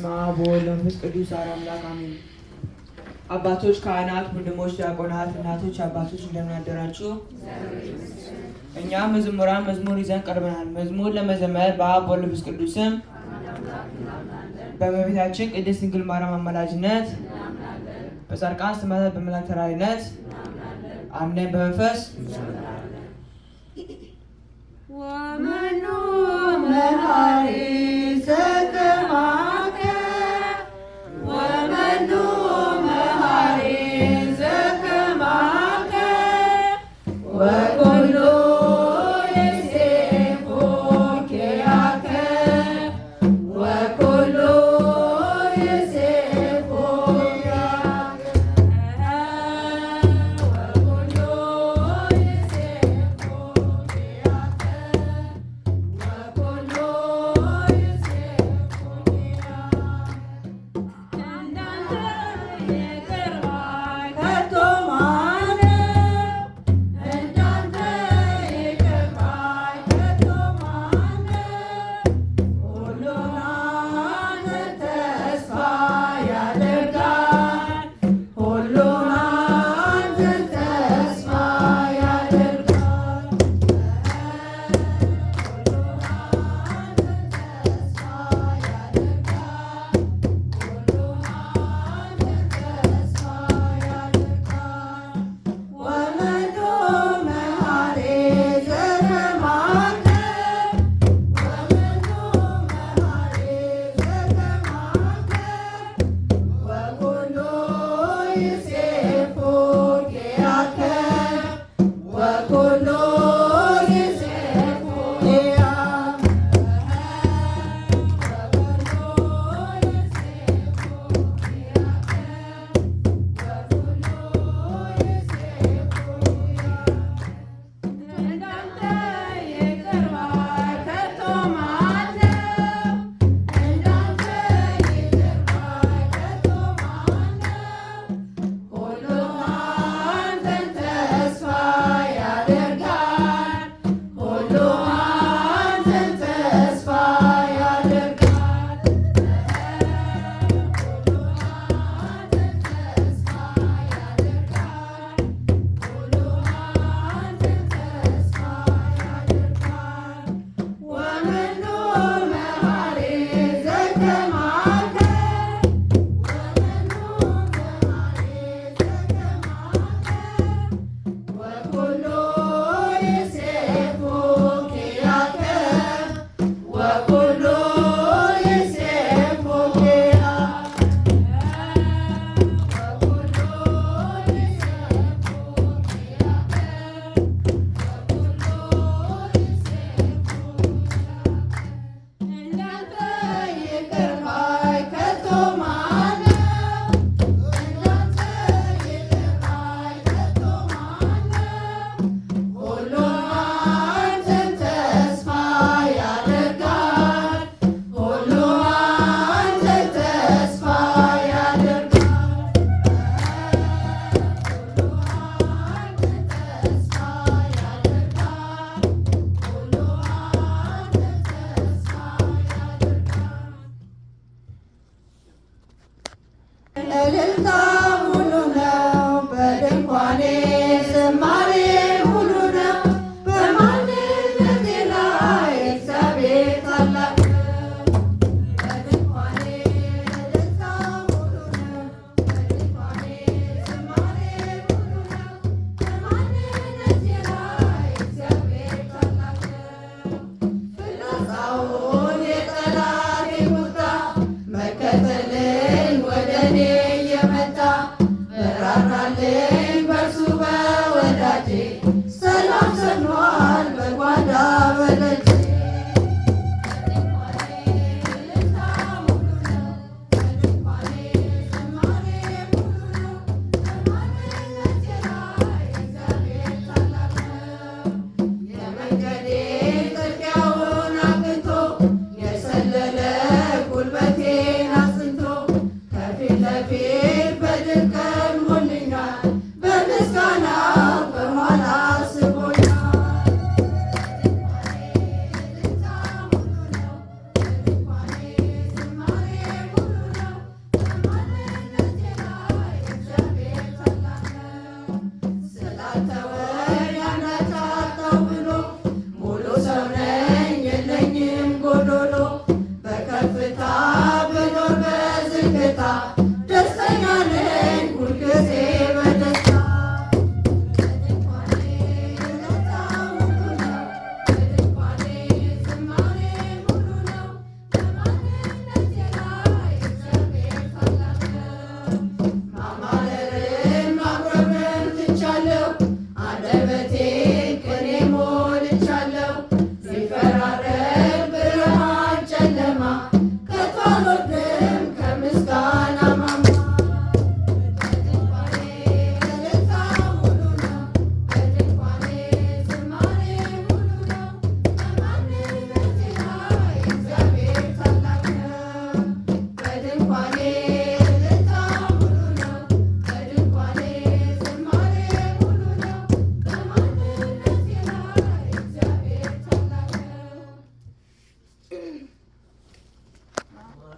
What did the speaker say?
በስመ አብ ወወልድ ወመንፈስ ቅዱስ አሐዱ አምላክ አሜን። አባቶች፣ ካህናት፣ ወንድሞች፣ ዲያቆናት፣ እናቶች፣ አባቶች እንደምን አደራችሁ? እኛም መዝሙራን መዝሙር ይዘን ቀርበናል። መዝሙር ለመዘመር በአብ ወወልድ ወመንፈስ ቅዱስ ስም በእመቤታችን ቅድስት ድንግል ማርያም አማላጅነት በጻድቃን ሰማዕታት በመላእክት ተራዳኢነት አምነን በመንፈስ Yeah. ራራልኝ